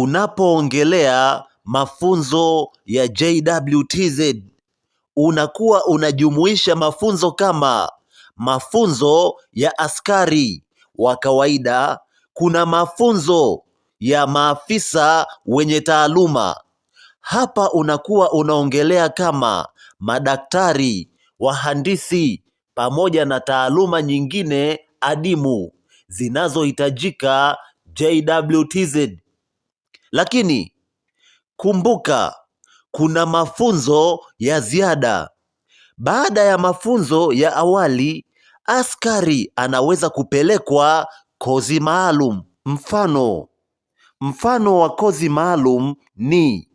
unapoongelea mafunzo ya JWTZ unakuwa unajumuisha mafunzo kama mafunzo ya askari wa kawaida, kuna mafunzo ya maafisa wenye taaluma. Hapa unakuwa unaongelea kama madaktari, wahandisi pamoja na taaluma nyingine adimu zinazohitajika JWTZ. Lakini kumbuka, kuna mafunzo ya ziada. Baada ya mafunzo ya awali, askari anaweza kupelekwa kozi maalum. Mfano, mfano wa kozi maalum ni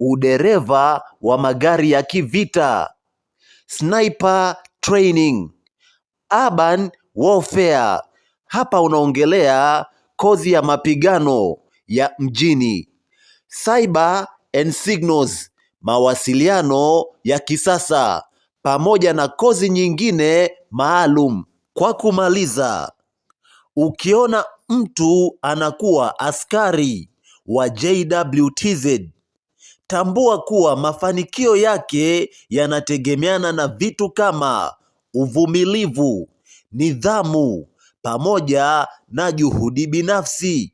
udereva wa magari ya kivita, sniper training, urban warfare. Hapa unaongelea kozi ya mapigano ya mjini. Cyber and Signals, mawasiliano ya kisasa, pamoja na kozi nyingine maalum. Kwa kumaliza, ukiona mtu anakuwa askari wa JWTZ tambua kuwa mafanikio yake yanategemeana na vitu kama uvumilivu, nidhamu pamoja na juhudi binafsi.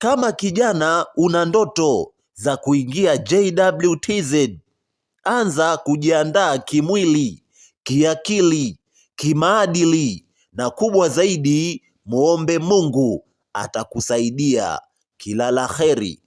Kama kijana una ndoto za kuingia JWTZ, anza kujiandaa kimwili, kiakili, kimaadili na kubwa zaidi, muombe Mungu atakusaidia. Kila la heri.